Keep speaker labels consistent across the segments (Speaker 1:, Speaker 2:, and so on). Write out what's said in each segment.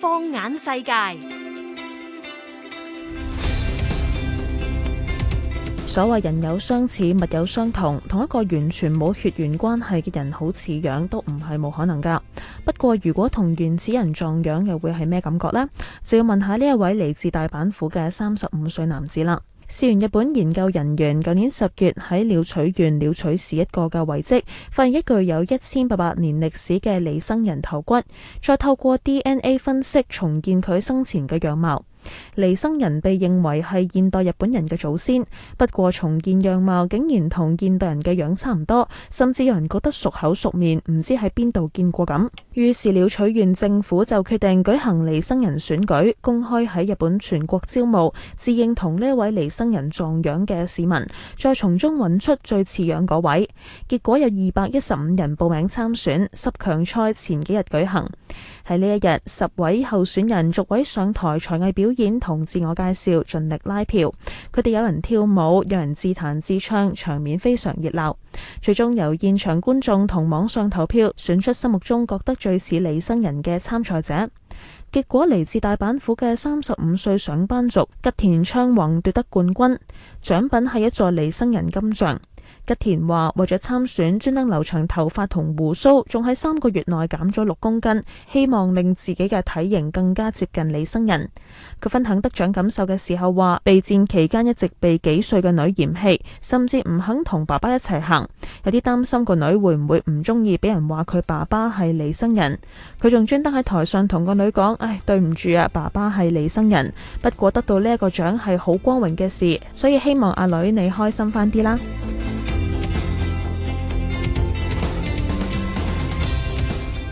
Speaker 1: 放眼世界，所謂人有相似，物有相同，同一個完全冇血緣關係嘅人好似樣都唔係冇可能㗎。不過如果同原始人撞樣，又會係咩感覺呢？就要問下呢一位嚟自大阪府嘅三十五歲男子啦。事緣日本研究人員，舊年十月喺鳥取縣鳥取市一個嘅遺跡，發現一具有一千八百年歷史嘅彌生人頭骨，再透過 D N A 分析重建佢生前嘅樣貌。彌生人被認為係現代日本人嘅祖先，不過重建樣貌竟然同現代人嘅樣差唔多，甚至有人覺得熟口熟面，唔知喺邊度見過咁。於是鳥取縣政府就決定舉行彌生人選舉，公開喺日本全國招募，自認同呢一位彌生人撞樣嘅市民，再從中揾出最似樣嗰位。結果有二百一十五人報名參選，十強賽前幾日舉行。喺呢一日，十位候選人逐位上台才藝表演同自我介紹，盡力拉票。佢哋有人跳舞，有人自彈自唱，場面非常熱鬧。最終由現場觀眾同網上投票選出心目中覺得最似彌生人嘅參賽者。結果嚟自大阪府嘅三十五歲上班族吉田昌宏奪得冠軍，獎品係一座彌生人金像。吉田話：為咗參選，專登留長頭髮同鬍鬚，仲喺三個月內減咗六公斤，希望令自己嘅體型更加接近彌生人。佢分享得獎感受嘅時候話：備戰期間一直被幾歲嘅女嫌棄，甚至唔肯同爸爸一齊行，有啲擔心個女會唔會唔中意，俾人話佢爸爸係彌生人。佢仲專登喺台上同個女講：唉，對唔住啊，爸爸係彌生人。不過得到呢一個獎係好光榮嘅事，所以希望阿女你開心翻啲啦。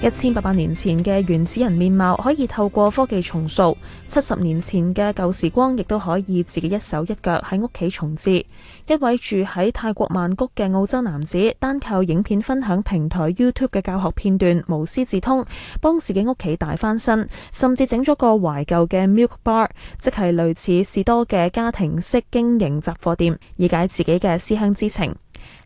Speaker 1: 一千八百年前嘅原始人面貌可以透過科技重塑，七十年前嘅舊時光亦都可以自己一手一腳喺屋企重置。一位住喺泰國曼谷嘅澳洲男子，單靠影片分享平台 YouTube 嘅教學片段，無師自通，幫自己屋企大翻身，甚至整咗個懷舊嘅 Milk Bar，即係類似士多嘅家庭式經營雜貨店，以解自己嘅思鄉之情。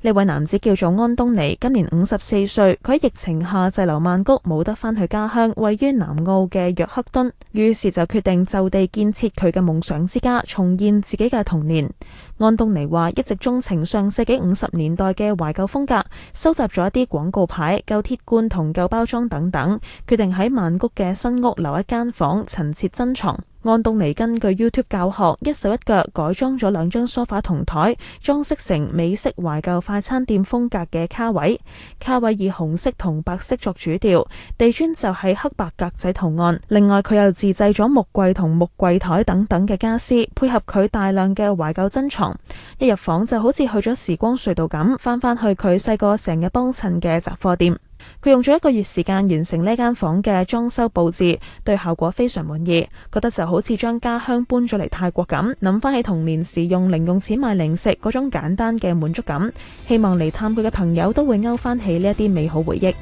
Speaker 1: 呢位男子叫做安東尼，今年五十四歲。佢喺疫情下滯留曼谷，冇得翻去家鄉，位於南澳嘅約克敦，於是就決定就地建設佢嘅夢想之家，重現自己嘅童年。安東尼話一直鍾情上世紀五十年代嘅懷舊風格，收集咗一啲廣告牌、舊鐵罐同舊包裝等等，決定喺曼谷嘅新屋留一間房陳設珍藏。安東尼根，根據 YouTube 教學，一手一腳改裝咗兩張梳化同台，裝飾成美式懷舊快餐店風格嘅卡位。卡位以紅色同白色作主調，地磚就係黑白格仔圖案。另外，佢又自製咗木櫃同木櫃台等等嘅家私，配合佢大量嘅懷舊珍藏。一入房就好似去咗時光隧道咁，翻返去佢細個成日幫襯嘅雜貨店。佢用咗一個月時間完成呢間房嘅裝修佈置，對效果非常滿意，覺得就好似將家鄉搬咗嚟泰國咁，諗翻起童年時用零用錢買零食嗰種簡單嘅滿足感。希望嚟探佢嘅朋友都會勾翻起呢一啲美好回憶。